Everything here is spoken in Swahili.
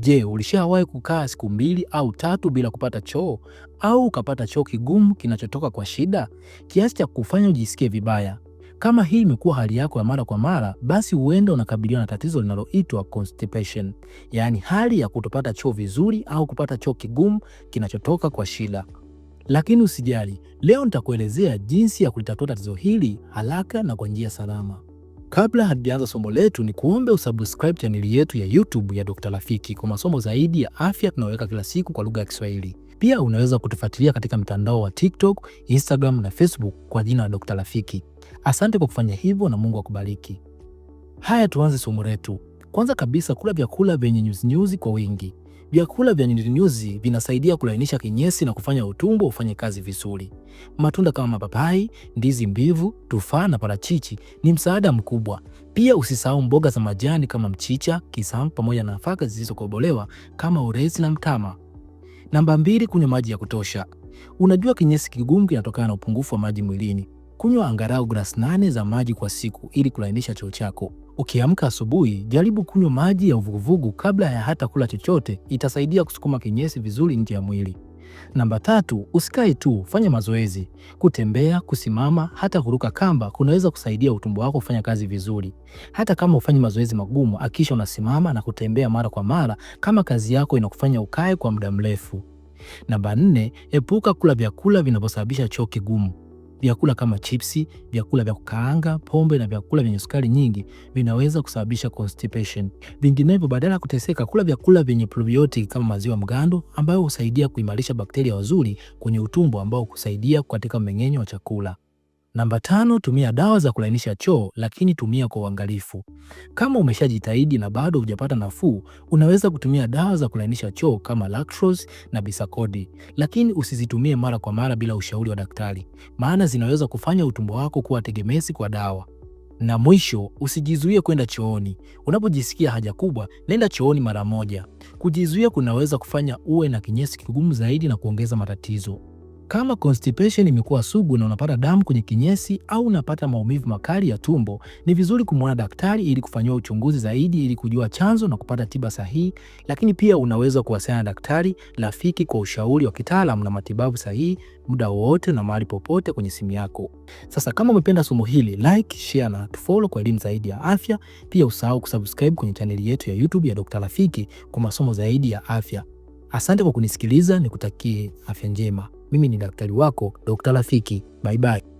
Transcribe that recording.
Je, ulishawahi kukaa siku mbili au tatu bila kupata choo au ukapata choo kigumu kinachotoka kwa shida kiasi cha kufanya ujisikie vibaya? Kama hii imekuwa hali yako ya mara kwa mara, basi huenda unakabiliwa na tatizo linaloitwa constipation, yaani hali ya kutopata choo vizuri au kupata choo kigumu kinachotoka kwa shida. Lakini usijali, leo nitakuelezea jinsi ya kulitatua tatizo hili haraka na kwa njia salama. Kabla hatujaanza somo letu, ni kuombe usubscribe chaneli yetu ya YouTube ya Dr. Rafiki kwa masomo zaidi ya afya tunayoweka kila siku kwa lugha ya Kiswahili. Pia unaweza kutufuatilia katika mtandao wa TikTok, Instagram na Facebook kwa jina la Dr. Rafiki. Asante kwa kufanya hivyo na Mungu akubariki. Haya, tuanze somo letu. Kwanza kabisa, kula vyakula vyenye nyuzinyuzi kwa wingi. Vyakula vya nyuzinyuzi vinasaidia kulainisha kinyesi na kufanya utumbo ufanye kazi vizuri. Matunda kama mapapai, ndizi mbivu, tufaa na parachichi ni msaada mkubwa. Pia usisahau mboga za majani kama mchicha, kisamu pamoja na nafaka zilizokobolewa kama urezi na mtama. Namba mbili, kunywa maji ya kutosha. Unajua kinyesi kigumu kinatokana na upungufu wa maji mwilini. Kunywa angalau glasi nane za maji kwa siku ili kulainisha choo chako. Ukiamka asubuhi, jaribu kunywa maji ya uvuguvugu kabla ya hata kula chochote, itasaidia kusukuma kinyesi vizuri nje ya mwili. Namba tatu, usikae tu, fanya mazoezi. Kutembea, kusimama, hata kuruka kamba kunaweza kusaidia utumbo wako kufanya kazi vizuri. Hata kama ufanyi mazoezi magumu, akisha unasimama na kutembea mara kwa mara kama kazi yako inakufanya ukae kwa muda mrefu. Namba nne, epuka kula vyakula vinavyosababisha choo kigumu. Vyakula kama chipsi, vyakula vya kukaanga, pombe na vyakula vyenye sukari nyingi vinaweza kusababisha constipation. Vinginevyo, badala ya kuteseka, kula vyakula vyenye probiotic kama maziwa mgando ambayo husaidia kuimarisha bakteria wazuri kwenye utumbo ambao husaidia katika mmeng'enyo wa chakula. Namba tano, tumia dawa za kulainisha choo, lakini tumia kwa uangalifu. Kama umeshajitahidi na bado hujapata nafuu, unaweza kutumia dawa za kulainisha choo kama Lactrose na Bisacodi, lakini usizitumie mara kwa mara bila ushauri wa daktari, maana zinaweza kufanya utumbo wako kuwa tegemezi kwa dawa. Na mwisho, usijizuie kwenda chooni. Unapojisikia haja kubwa, nenda chooni mara moja. Kujizuia kunaweza kufanya uwe na kinyesi kigumu zaidi na kuongeza matatizo. Kama constipation imekuwa sugu na unapata damu kwenye kinyesi au unapata maumivu makali ya tumbo, ni vizuri kumwona daktari ili kufanyiwa uchunguzi zaidi ili kujua chanzo na kupata tiba sahihi. Lakini pia unaweza kuwasiliana na daktari rafiki kwa ushauri wa kitaalamu na matibabu sahihi muda wowote na mahali popote kwenye simu yako. Sasa kama umependa somo hili, like, share na tufollow kwa elimu zaidi ya afya. Pia usahau kusubscribe kwenye chaneli yetu ya YouTube ya Dr. Rafiki kwa masomo zaidi ya afya. Asante kwa kunisikiliza, nikutakie afya njema. Mimi ni daktari wako Dr. Rafiki. Bye bye.